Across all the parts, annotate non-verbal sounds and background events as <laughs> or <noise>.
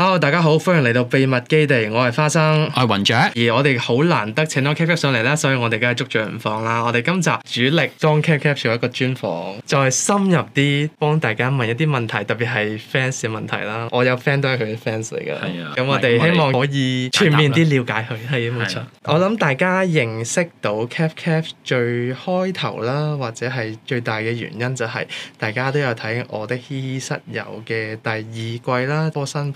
Hello 大家好，歡迎嚟到秘密基地，我係花生，我係雲雀，而我哋好難得請到 KevKev 上嚟啦，所以我哋梗係捉住人放啦。我哋今集主力裝 KevKev 做一個專訪，再深入啲幫大家問一啲問題，特別係 fans 嘅問題啦。我有 friend 都係佢啲 fans 嚟噶，咁、啊、我哋白希望可以全面啲了解佢。係啊，冇、啊、錯。我諗大家認識到 KevKev 最開頭啦，或者係最大嘅原因就係、是、大家都有睇《我的 HEHE 室友》嘅第二季啦，多辛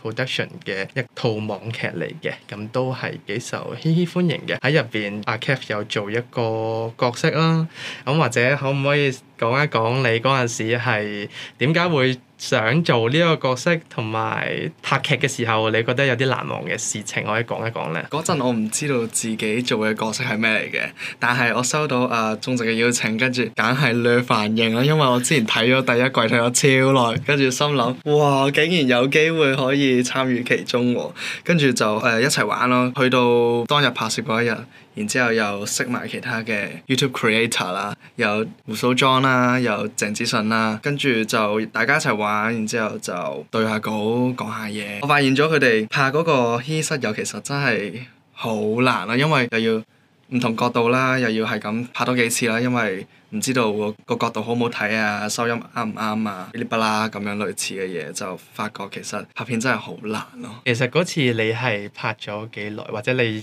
嘅一套網劇嚟嘅，咁都係幾受 HEHE 歡迎嘅。喺入邊，阿、啊、Kev 有做一個角色啦。咁或者可唔可以講一講你嗰陣時係點解會想做呢個角色同埋拍劇嘅時候，你覺得有啲難忘嘅事情可以講一講咧？嗰陣我唔知道自己做嘅角色係咩嚟嘅，但係我收到誒、呃、中直嘅邀請，跟住梗係略反應啦。因為我之前睇咗第一季睇咗超耐，跟住心諗哇，竟然有機會可以參與其中喎，跟住就誒、呃、一齊玩咯。去到當日拍攝嗰一日。然之後又識埋其他嘅 YouTube Creator 啦，有鬍鬚 John 啦，有鄭子信啦，跟住就大家一齊玩，然之後就對下稿講下嘢。我發現咗佢哋拍嗰、那個《HEHE 室友》，其實真係好難咯，因為又要唔同角度啦，又要係咁拍多幾次啦，因為唔知道個角度好唔好睇啊，收音啱唔啱啊，噼里啪啦咁樣類似嘅嘢，就發覺其實拍片真係好難咯。其實嗰次你係拍咗幾耐，或者你？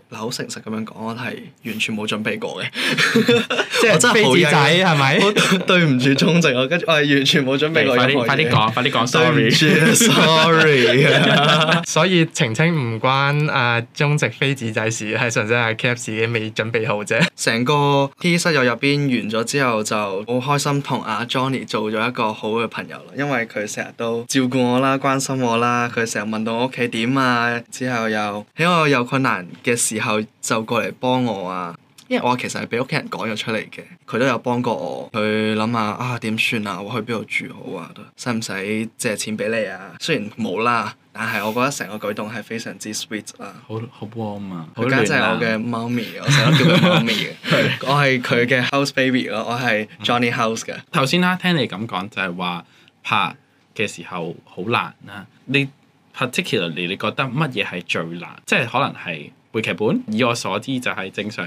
嗱，好誠實咁樣講，我係完全冇準備過嘅，即係飛紙仔係咪？對唔住忠植，我跟住我係完全冇準備過。快啲講，快啲講，sorry，sorry。所以澄清唔關啊，忠植非子仔事，係純粹係キャプ自己未準備好啫。成個 T 室入入邊完咗之後，就好開心同阿 Johnny 做咗一個好嘅朋友，因為佢成日都照顧我啦、關心我啦，佢成日問到我屋企點啊，之後又喺我有困難嘅時後就過嚟幫我啊，因為我其實係俾屋企人趕咗出嚟嘅，佢都有幫過我。去諗下啊，點算啊？我去邊度住好啊？使唔使借錢俾你啊？雖然冇啦，但係我覺得成個舉動係非常之 sweet 啊，好好 warm 啊！佢真係我嘅媽咪，啊、我成日叫佢媽咪嘅。 <laughs> 我係佢嘅 house baby 咯，我係 Johnny House 嘅。頭先啦，聽你咁講就係、是、話拍嘅時候好難啊。你 particularly，你覺得乜嘢係最難？即、就、係、是、可能係。背劇本，以我所知就係正常，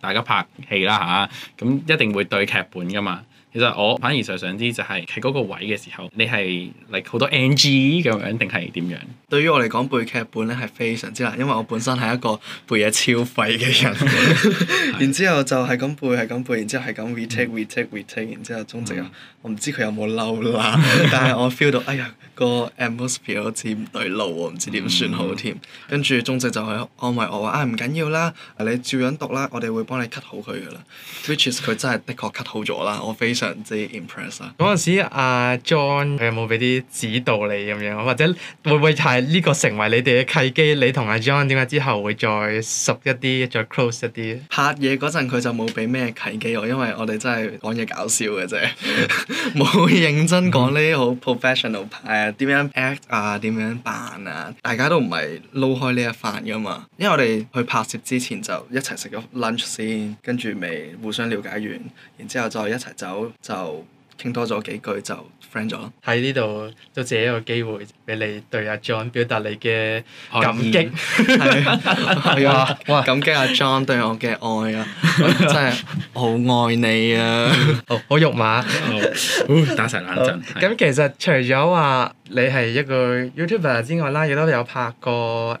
大家拍戲啦嚇，咁一定會對劇本噶嘛。其實我反而常常想知，就係喺嗰個位嘅時候，你係嚟好多 NG 咁樣，定係點樣？對於我嚟講，背劇本咧係非常之難，因為我本身係一個背嘢超廢嘅人。然之後就係咁背，係咁背，然之後係咁 retake，retake，retake 然之後鐘直啊，我唔知佢有冇嬲啦，但係我 feel 到哎呀個 atmosphere 好似唔對路喎，唔知點算好添。跟住鐘直就係安慰我話，啊，唔緊要啦，你照樣讀啦，我哋會幫你 cut 好佢噶啦。which is 佢真係的確 cut 好咗啦，我 f 常之 impress 啦。嗰陣時，阿、 <noise> <noise> 啊、John 佢有冇俾啲指導你咁樣，或者會唔會係呢個成為你哋嘅契機，你同阿 John 點解之後會再熟一啲，再 close 一啲？拍嘢嗰陣佢就冇俾咩契機我，因為我哋真係講嘢搞笑嘅啫，冇 <laughs> 認真講呢啲好 professional 誒點樣 act 啊，點樣扮啊，大家都唔係撈開呢一份噶嘛。因為我哋去拍攝之前就一齊食咗 lunch 先，跟住未互相了解完，然之後再一齊走。就傾多咗幾句就 friend 咗，喺呢度都借一個機會俾你對阿 John 表達你嘅感激，係啊，係啊， <laughs> <laughs> 哇 <laughs> 感激阿 John 對我嘅愛啊， <laughs> 真係好愛你啊，好、 <laughs> 嗯 oh, 肉麻！ <laughs> oh, <laughs> 打曬冷震。咁其實除咗話你係一個 YouTuber 之外啦，亦都有拍過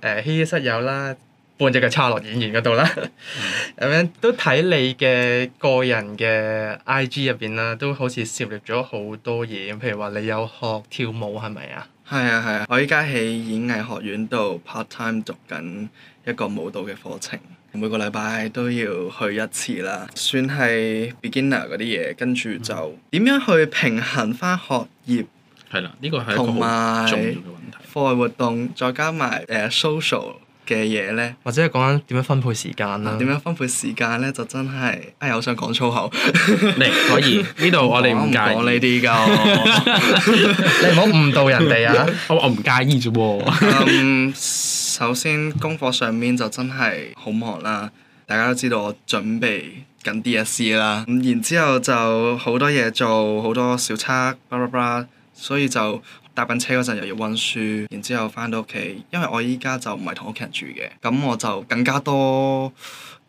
誒《HEHE、呃、HEHE 室友》啦。半隻嘅叉落演員嗰度啦，咁樣、嗯、 <laughs> 都睇你嘅個人嘅 I.G 入邊啦，都好似涉獵咗好多嘢，咁譬如話你有學跳舞係咪啊？係啊係啊！我依家喺演藝學院度 part time 讀緊一個舞蹈嘅課程，每個禮拜都要去一次啦，算係 beginner 嗰啲嘢。跟住就點樣去平衡翻學業？係啦、嗯，呢個係一個好重要嘅問題。同埋課外活動再加埋誒、uh, social。嘅嘢咧，或者係講緊點樣分配時間啦？點、嗯、樣分配時間咧，就真係，哎呀，我想講粗口。嚟， <laughs> 可以呢度 <laughs> 我哋唔介意呢啲噶，啊、 <laughs> <laughs> 你唔好誤導人哋啊！ <laughs> 我我唔介意啫喎、啊 <laughs> 嗯。首先功課上面就真係好忙啦、啊。大家都知道我準備緊 DSE 啦，然之後就好多嘢做，好多小測，巴拉所以就。搭緊車嗰陣又要溫書，然之後翻到屋企，因為我依家就唔係同屋企人住嘅，咁我就更加多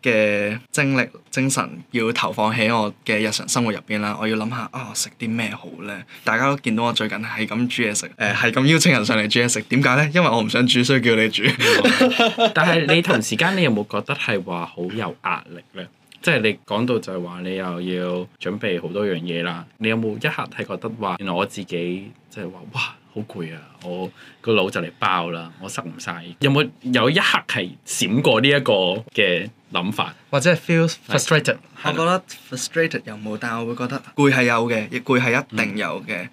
嘅精力精神要投放喺我嘅日常生活入邊啦。我要諗下啊，食啲咩好咧？大家都見到我最近係咁煮嘢食，誒係咁邀請人上嚟煮嘢食。點解咧？因為我唔想煮，所以叫你煮。 <laughs> <laughs> 但係你同時間，你有冇覺得係話好有壓力咧？即係你講到就係話你又要準備好多樣嘢啦，你有冇一刻係覺得話原來我自己即係話哇好攰啊，我個腦就嚟爆啦，我塞唔晒。有冇有，有一刻係閃過呢一個嘅諗法？或者係 feel frustrated？Like, 我覺得 frustrated 又冇，但係我會覺得攰係有嘅，攰係一定有嘅。嗯、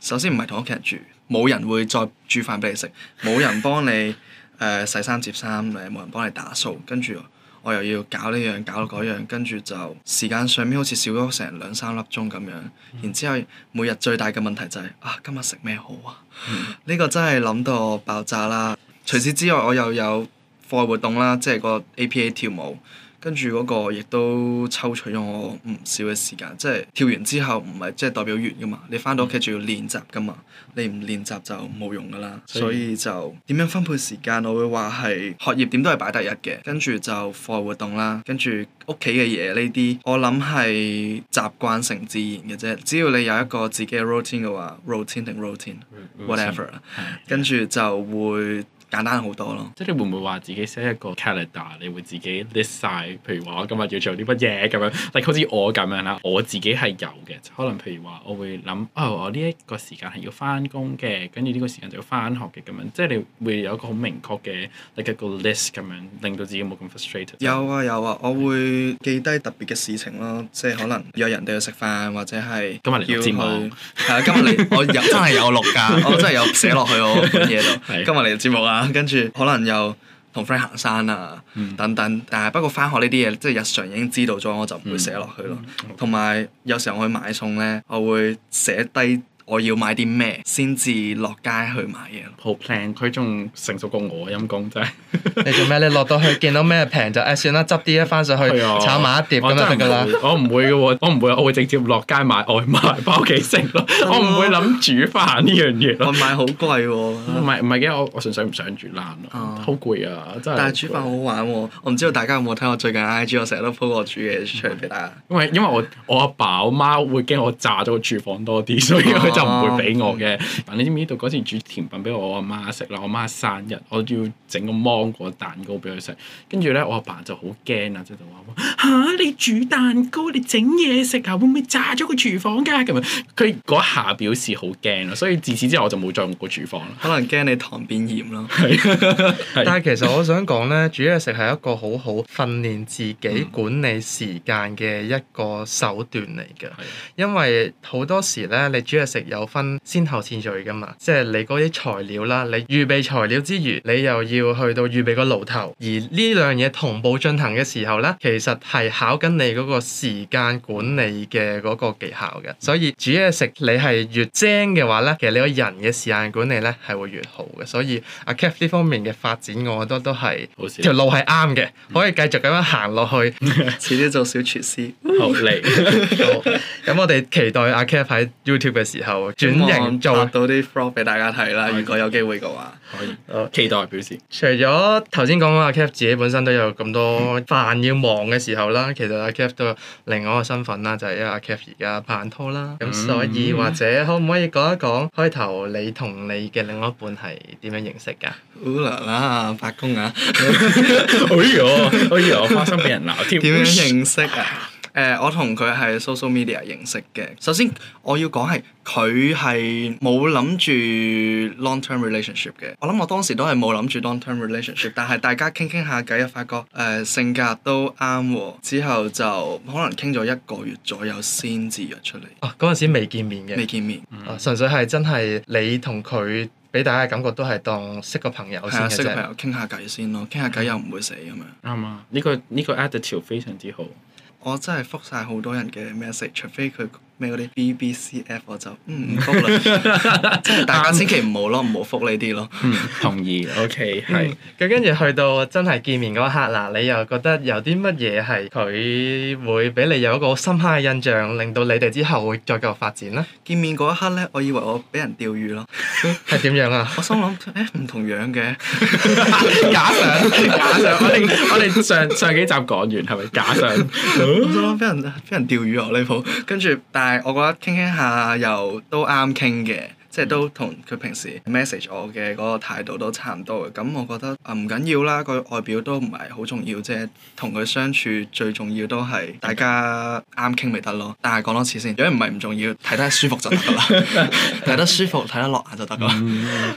首先唔係同屋企人住，冇人會再煮飯俾你食，冇人幫你誒、 <laughs> 呃、洗衫、摺衫，誒冇人幫你打掃，跟住。我又要搞呢樣搞到嗰樣，跟住就時間上面好似少咗成兩三粒鐘咁樣。然之後每日最大嘅問題就係、是、啊，今日食咩好啊？呢、嗯、個真係諗到我爆炸啦！除此之外，我又有課外活動啦，即係個 APA 跳舞。跟住嗰個亦都抽取咗我唔少嘅時間，即係跳完之後唔係即係代表完㗎嘛，你返到屋企仲要練習㗎嘛，你唔練習就冇用㗎喇，所以，所以就點樣分配時間，我會話係學業點都係擺第一嘅，跟住就課外活動啦，跟住屋企嘅嘢呢啲，我諗係習慣成自然嘅啫，只要你有一個自己嘅 routine 嘅話，routine 定 routine，whatever，跟住就會。簡單好多咯！即係你會唔會話自己 set 一個 calendar？你會自己 list 晒，譬如話我今日要做啲乜嘢咁樣？但好似我咁樣啦，我自己係有嘅。可能譬如話、哦，我會諗啊，我呢一個時間係要翻工嘅，跟住呢個時間就要翻學嘅咁樣。即係你會有一個好明確嘅、like, 一個個 list 咁樣，令到自己冇咁 frustrated。有啊有啊，我會記低特別嘅事情咯。即係可能約人哋去食飯，或者係今日嚟看節目。係啊，今日嚟我有 <laughs> 真係有錄㗎，我真係有寫落去我本嘢度。 <laughs> 今日嚟節目啊！跟住可能又同 friend 行山啊等等，嗯、但係不過返學呢啲嘢，即係日常已經知道咗，我就唔會寫落去咯。同埋有時候我去買餸咧，我會寫低。我要買啲咩先至落街去買嘢咯？好平，佢仲成熟過我陰公真係。你做咩？你落到去見到咩平就誒算啦，執啲一翻上去炒埋一碟咁樣㗎啦。我唔會嘅喎，我唔會，我會直接落街買外賣，返屋企食咯。我唔會諗煮飯呢樣嘢咯。外賣好貴喎。唔係唔係嘅，我我純粹唔想煮爛咯，好攰啊，真係。但係煮飯好玩喎，我唔知道大家有冇睇我最近 IG，我成日都 po 我煮嘢出嚟俾大家。因為因為我我阿爸我媽會驚我炸咗個廚房多啲，所以。就唔會俾我嘅。但、嗯、你知唔知度嗰次煮甜品俾我阿媽食啦，我阿媽生日，我要整個芒果蛋糕俾佢食。跟住咧，我阿爸，爸就好驚啊，即係就話嚇你煮蛋糕，你整嘢食啊，會唔會炸咗個廚房㗎？咁樣佢嗰下表示好驚咯。所以自此之後我就冇再用過廚房啦。可能驚你糖變鹽啦。但係其實我想講咧，煮嘢食係一個好好訓練自己管理時間嘅一個手段嚟㗎。嗯、因為好多時咧，你煮嘢食。有分先後次序噶嘛？即係你嗰啲材料啦，你預備材料之餘，你又要去到預備個爐頭，而呢兩樣嘢同步進行嘅時候咧，其實係考緊你嗰個時間管理嘅嗰個技巧嘅。所以煮嘢食你係越精嘅話咧，其實你個人嘅時間管理咧係會越好嘅。所以阿 Kev 呢方面嘅發展我，我覺得都係條 <laughs> 路係啱嘅，可以繼續咁樣行落去，遲 <laughs> 啲做小廚師 <laughs> 好嚟，咁我哋期待阿 Kev 喺 YouTube 嘅時候。轉型做到啲 Vlog 俾大家睇啦，哎、呀如果有機會嘅話，可以期待表示。除咗頭先講啊，Kev 自己本身都有咁多煩要忙嘅時候啦，其實阿、啊、Kev 都有另外一個身份啦，就係因為阿 Kev 而家拍緊拖啦。咁所以、嗯、或者可唔可以講一講開頭你同你嘅另外一半係點樣認識噶？好啦，嗱，打工啊，我以為我以為我發生俾人鬧添，點樣認識啊？誒，我同佢係 social media 認識嘅。首先我是是，我要講係佢係冇諗住 long term relationship 嘅。我諗我當時都係冇諗住 long term relationship，但係大家傾傾下偈，又發覺誒、呃、性格都啱、哦。之後就可能傾咗一個月左右先至約出嚟。哦、啊，嗰陣時未見面嘅。未見面。Mm hmm. 啊、純粹係真係你同佢俾大家嘅感覺都係當識個朋友先嘅啫。識個朋友傾下偈先咯，傾下偈又唔會死咁、yeah. 樣。啱啊！呢個呢個 attitude 非常之好。我真係覆曬好多人嘅 message，除非佢。咩嗰啲 B B C F 我就唔復你。大家千祈唔好咯，唔好復呢啲咯。同意 <laughs> ，OK，係。咁跟住去到真係見面嗰刻嗱，你又覺得有啲乜嘢係佢會俾你有一個深刻嘅印象，令到你哋之後會再繼續發展呢？見面嗰一刻呢，我以為我俾人釣魚咯，係點 <laughs> 樣啊？我心諗誒唔同樣嘅 <laughs> 假相。假相。我哋我哋上上，上幾集講完係咪假相？ <laughs> 我心諗俾人俾人釣魚哦，你好，跟住但。但係我覺得傾傾下又都啱傾嘅。即係都同佢平時 message 我嘅嗰個態度都差唔多嘅，咁我覺得啊唔緊要啦，個外表都唔係好重要啫。同佢相處最重要都係大家啱傾咪得咯。但係講多次先，如果唔係唔重要，睇得舒服就得噶啦，睇 <laughs> 得舒服、睇得落眼就得噶啦。咁、嗯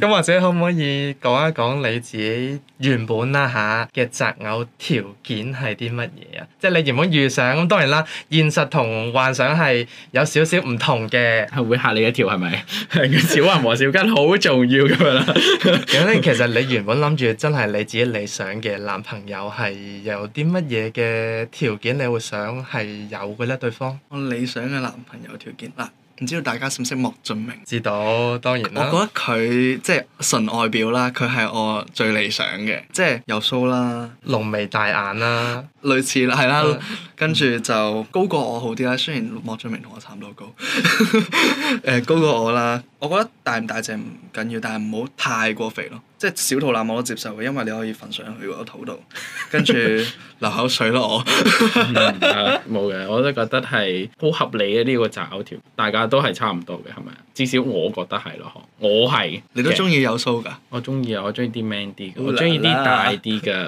okay. <laughs> 或者可唔可以講一講你自己原本啦吓嘅擇偶條件係啲乜嘢啊？即係、就是、你原本預想咁，當然啦，現實同幻想係有少少唔同嘅。係會嚇你一條係咪？是 <laughs> 小雲和小吉好重要咁樣啦。咁咧，其實你原本諗住真係你自己理想嘅男朋友係有啲乜嘢嘅條件，你會想係有嘅咧？對方 <laughs> 我理想嘅男朋友條件嗱。唔知道大家識唔識莫俊明？知道當然啦。我覺得佢即係純外表啦，佢係我最理想嘅，即係有鬚啦，濃眉大眼、啊、啦，類似係啦。跟住就高過我好啲啦，雖然莫俊明同我差唔多高，誒 <laughs> 高過我啦。我覺得大唔大隻？緊要，但係唔好太過肥咯，即係小肚腩我都接受嘅，因為你可以瞓上去個肚度，跟住流口水咯我，冇嘅，我都覺得係好合理嘅呢個擇偶條，大家都係差唔多嘅，係咪？至少我覺得係咯，我係你都中意有數㗎？我中意啊！我中意啲 man 啲嘅，我中意啲大啲嘅，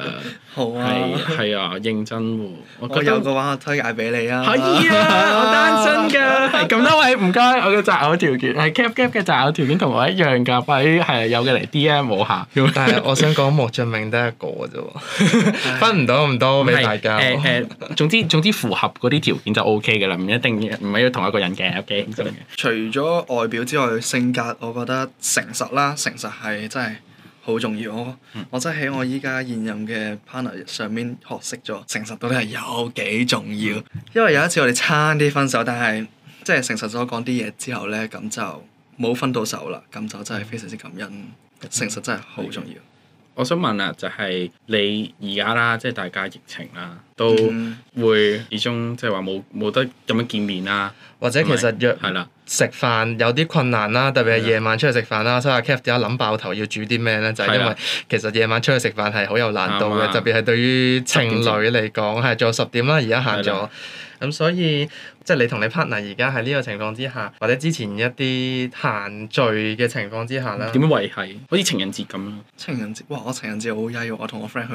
好啊，係啊，認真喎！我覺得有嘅話，我推介俾你啊！可以啊，我單身㗎。咁多位唔該，我嘅擇偶條件係 cap cap 嘅擇偶條件同我一樣㗎，快啲，係啊，有嘅嚟 d m 我下。但係我想講，莫俊明得一個啫，分唔到咁多俾大家。誒總之總之符合嗰啲條件就 O K 㗎啦，唔一定唔係要同一個人嘅 O K 真嘅。除咗外表之外，性格我覺得誠實啦，誠實係真係好重、嗯、重要。我我真係喺我依家現任嘅 partner 上面學識咗誠實到底係有幾重要。因為有一次我哋差啲分手，但係即係誠實咗講啲嘢之後咧，咁就冇分到手啦。咁就真係非常之感恩，誠實真係好重要。嗯、我想問啊，就係、是、你而家啦，即、就、係、是、大家疫情啦。都會始終即係話冇冇得咁樣見面啊，或者其實約係啦食飯有啲困難啦，特別係夜晚出去食飯啦，所以阿 Kev 點解諗爆頭要煮啲咩咧？就係因為其實夜晚出去食飯係好有難度嘅，特別係對於情侶嚟講，係仲有十點啦，而家行咗，咁所以即係你同你 partner 而家喺呢個情況之下，或者之前一啲限聚嘅情況之下咧，點樣維係？好似情人節咁咯，情人節哇！我情人節好嗨，我同我 friend 去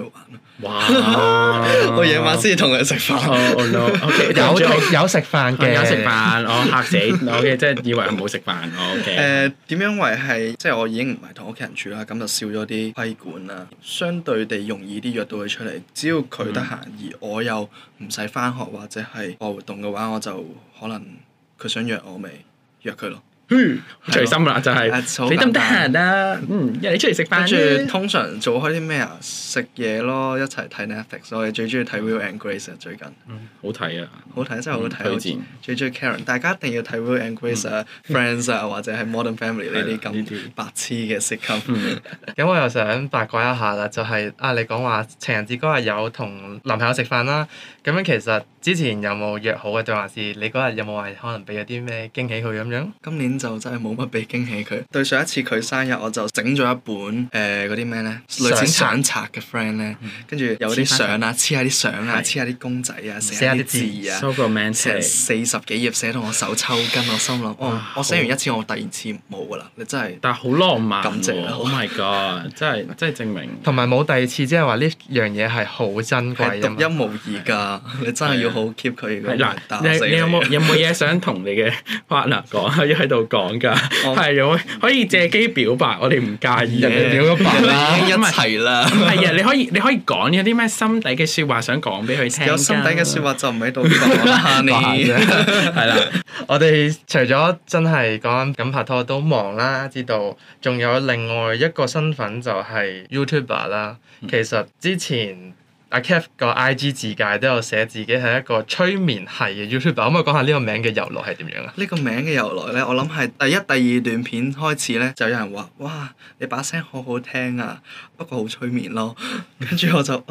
玩哇！個夜晚。先至同佢食飯。有 Okay. 有食飯嘅， <laughs> 有食飯。我、oh, 嚇死。O、okay. <laughs> K，Okay. 即係以為佢冇食飯。O、okay. K、uh,。誒點樣維係？即係我已經唔係同屋企人住啦，咁就少咗啲規管啦，相對地容易啲約到佢出嚟。只要佢得閒，mm. 而我又唔使返學或者係課外活動嘅話，我就可能佢想約我，咪約佢咯。隨心啦就係，你得唔得閒啊？嗯，約你出嚟食飯，跟住通常做開啲咩啊？食嘢咯，一齊睇 Netflix。我哋最中意睇 Will and Grace 啊，最近。嗯。好睇啊！好睇真係好睇。好似最中意 Karen，大家一定要睇 Will and Grace 啊，Friends 啊，或者係 Modern Family 呢啲咁啲白痴嘅 sitcom。咁我又想八卦一下啦，就係啊，你講話情人節嗰日有同男朋友食飯啦。咁樣其實之前有冇約好嘅對話事？你嗰日有冇話可能俾咗啲咩驚喜佢咁樣？今年。就真係冇乜俾驚喜佢。對上一次佢生日，我就整咗一本誒嗰啲咩咧，類似相冊嘅 friend 咧，跟住有啲相啊，黐下啲相啊，黐下啲公仔啊，寫下啲字啊，成四十幾頁寫到我手抽筋。我心諗，我我寫完一次，我第二次冇㗎啦。你真係，但係好浪漫。感情啊！Oh my god！真係真係證明。同埋冇第二次，即係話呢樣嘢係好珍貴。獨一無二㗎，你真係要好 keep 佢。係嗱，你有冇有冇嘢想同你嘅 partner 講？要喺度。講噶，係啊、oh。可以借機表白，我哋唔介意嘅，人哋表咗白啦，一齊啦。係啊， <laughs> 你可以你可以講有啲咩心底嘅説話想講俾佢聽。有心底嘅説話就唔喺度講啦，係啦。我哋除咗真係講緊拍拖都忙啦，知道。仲有另外一個身份就係 YouTuber 啦。其實之前。阿 Kev 個 IG 自介都有寫自己係一個催眠系嘅 YouTuber，可唔可以講下呢個名嘅由來係點樣啊？呢個名嘅由來咧，我諗係第一、第二段片開始咧，就有人話：哇，你把聲好好聽啊！不過好催眠咯。 <laughs> 跟住我就，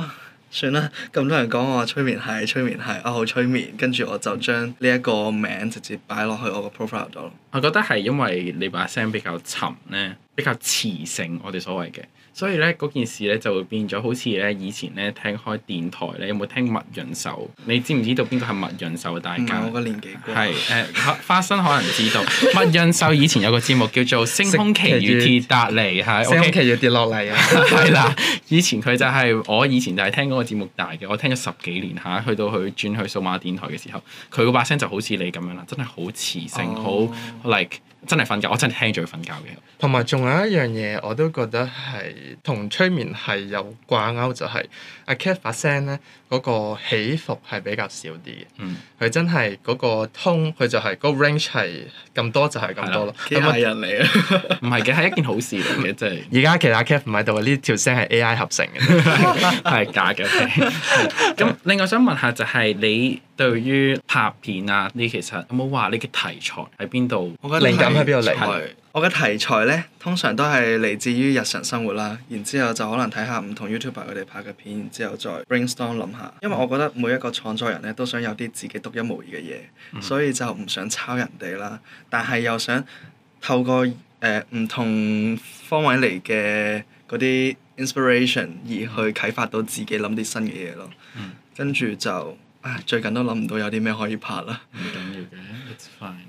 算啦。咁多人講我催眠係，催眠係，我、哦、好催眠。跟住我就將呢一個名直接擺落去我個 profile 度。我覺得係因為你把聲比較沉咧。比較磁性，我哋所謂嘅，所以咧嗰件事咧就會變咗好似咧以前咧聽開電台咧，有冇聽麥潤秀？你知唔知道邊個係麥潤秀啊？大家我個年紀是，係誒花生可能知道麥潤秀以前有個節目叫做《星空奇遇跌落嚟，係星空奇遇跌落嚟啊！係啦，以前佢就係、是、我以前就係聽嗰個節目大嘅，我聽咗十幾年下、啊、去到佢轉去數碼電台嘅時候，佢嗰把聲就好似你咁樣啦，真係好磁性，好、oh. like 真係瞓覺，我真係聽住佢瞓覺嘅，同埋有一樣嘢我都覺得係同催眠係有掛鈎，就係阿 Kev 把聲咧嗰、嗰個起伏係比較少啲嘅。嗯，佢真係嗰個通，佢就係嗰 range 係咁多就係咁多咯。咁械、嗯、人嚟嘅，唔係嘅係一件好事嚟嘅，即係。而家其實阿 Kev 唔喺度，呢條聲係 AI 合成嘅，係 <laughs> <laughs> 假嘅。咁 <laughs> 另外想問下，就係你對於拍片啊，你其實有冇話你嘅題材喺邊度我覺得靈感喺邊度嚟？我嘅題材呢，通常都係嚟自於日常生活啦，然之後就可能睇下唔同 YouTuber 佢哋拍嘅片，然之後再 brainstorm 諗下。因為我覺得每一個創作人呢，都想有啲自己獨一無二嘅嘢，嗯、所以就唔想抄人哋啦。但係又想透過誒唔、呃、同方位嚟嘅嗰啲 inspiration 而去啟發到自己諗啲新嘅嘢咯。嗯、跟住就啊，最近都諗唔到有啲咩可以拍啦。唔緊要嘅。嗯嗯嗯。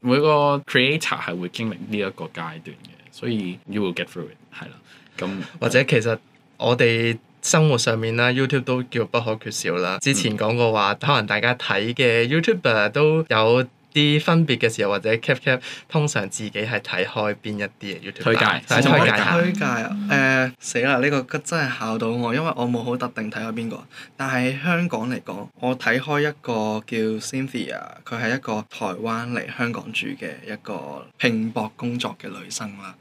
每個 creator 係會經歷呢一個階段嘅，所以 you will get through it，係啦。咁或者其實我哋生活上面啦，YouTube 都叫不可缺少啦。之前講過話，可能大家睇嘅 YouTuber 都有。啲分別嘅時候或者 cap cap，通常自己係睇開邊一啲啊？要推介，先推，推介。推介誒，死啦！呢、呢個真係考到我，因為我冇好特定睇開邊個。但係香港嚟講，我睇開一個叫 Cynthia，佢係一個台灣嚟香港住嘅一個拼搏工作嘅女生啦。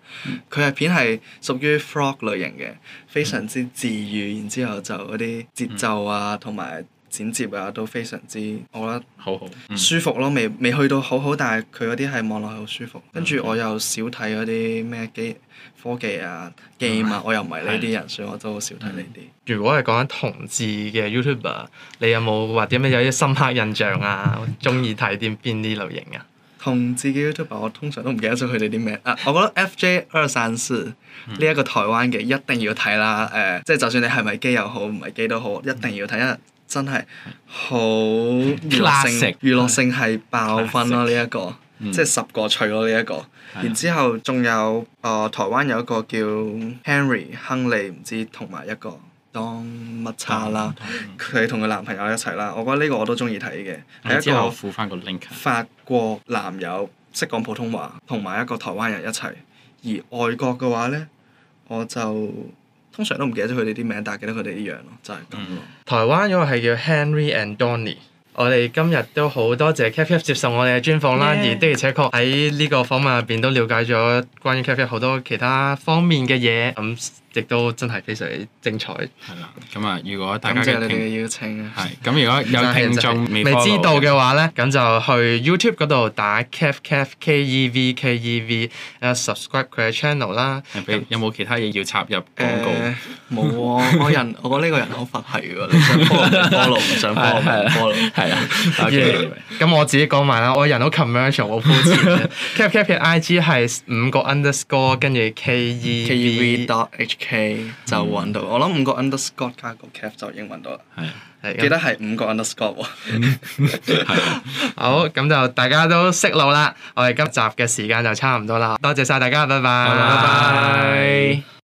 佢嘅片係屬於 frog 類型嘅，非常之治愈，然之後就嗰啲節奏啊，同埋，剪接啊都非常之我覺得好好，嗯、舒服咯，未未去到好好，但係佢嗰啲係望落去好舒服。跟住我又少睇嗰啲咩機科技啊、game、啊，我又唔係呢啲人，嗯、所以我都好少睇呢啲。如果係講緊同志嘅 YouTuber 你有冇話啲咩有啲深刻印象啊？中意睇啲邊啲類型啊？ <laughs> 同志嘅 YouTuber 我通常都唔記得咗佢哋啲咩。啊！我覺得 FJ 二三四呢一個台灣嘅一定要睇啦。誒、呃，即係就算你係咪機又好，唔係機都好，一定要睇，因、嗯真係好娛樂性，娛樂性係爆分咯、啊！呢一 Classic.、這個，嗯、即係十個除咗呢一個，然之後仲有啊、呃，台灣有一個叫 Henry 亨利，唔知同埋一個 Don 乜叉啦，佢同佢男朋友一齊啦。我覺得呢個我都中意睇嘅，係一個，一個法國男友識講普通話，同埋一個台灣人一齊。而外國嘅話呢，我就～通常都唔記得咗佢哋啲名，但係記得佢哋啲樣咯，就係咁咯。嗯、台灣嗰個係叫 Henry and Donny，我哋今日都好多謝 KevKev 接受我哋嘅專訪啦，Yeah. 而的而且確喺呢個訪問入邊都了解咗關於 KevKev 好多其他方面嘅嘢咁。嗯亦都真係非常精彩，係啦。咁啊，如果大家，感謝你嘅邀請。係，咁如果有聽眾未知道嘅話咧，咁就去 YouTube 度打 Kev Kev K E V K E V，subscribe 佢嘅 channel 啦。有冇其他嘢要插入廣告？冇喎，我人我覺得呢個人好佛系喎，想 follow 唔想 follow，係啊。OK，咁我自己講埋啦，我人好 commercial，我膚淺。Kev Kev I G 係五個 underscore 跟住 K E V H。K Okay,、嗯、就揾到，我諗五個 underscore 加個 kev 就已經揾到啦。係唉，記得係五個 underscore 喎。係，好，咁就大家都識路啦。我哋今集嘅時間就差唔多啦。多謝晒大家，拜拜。拜。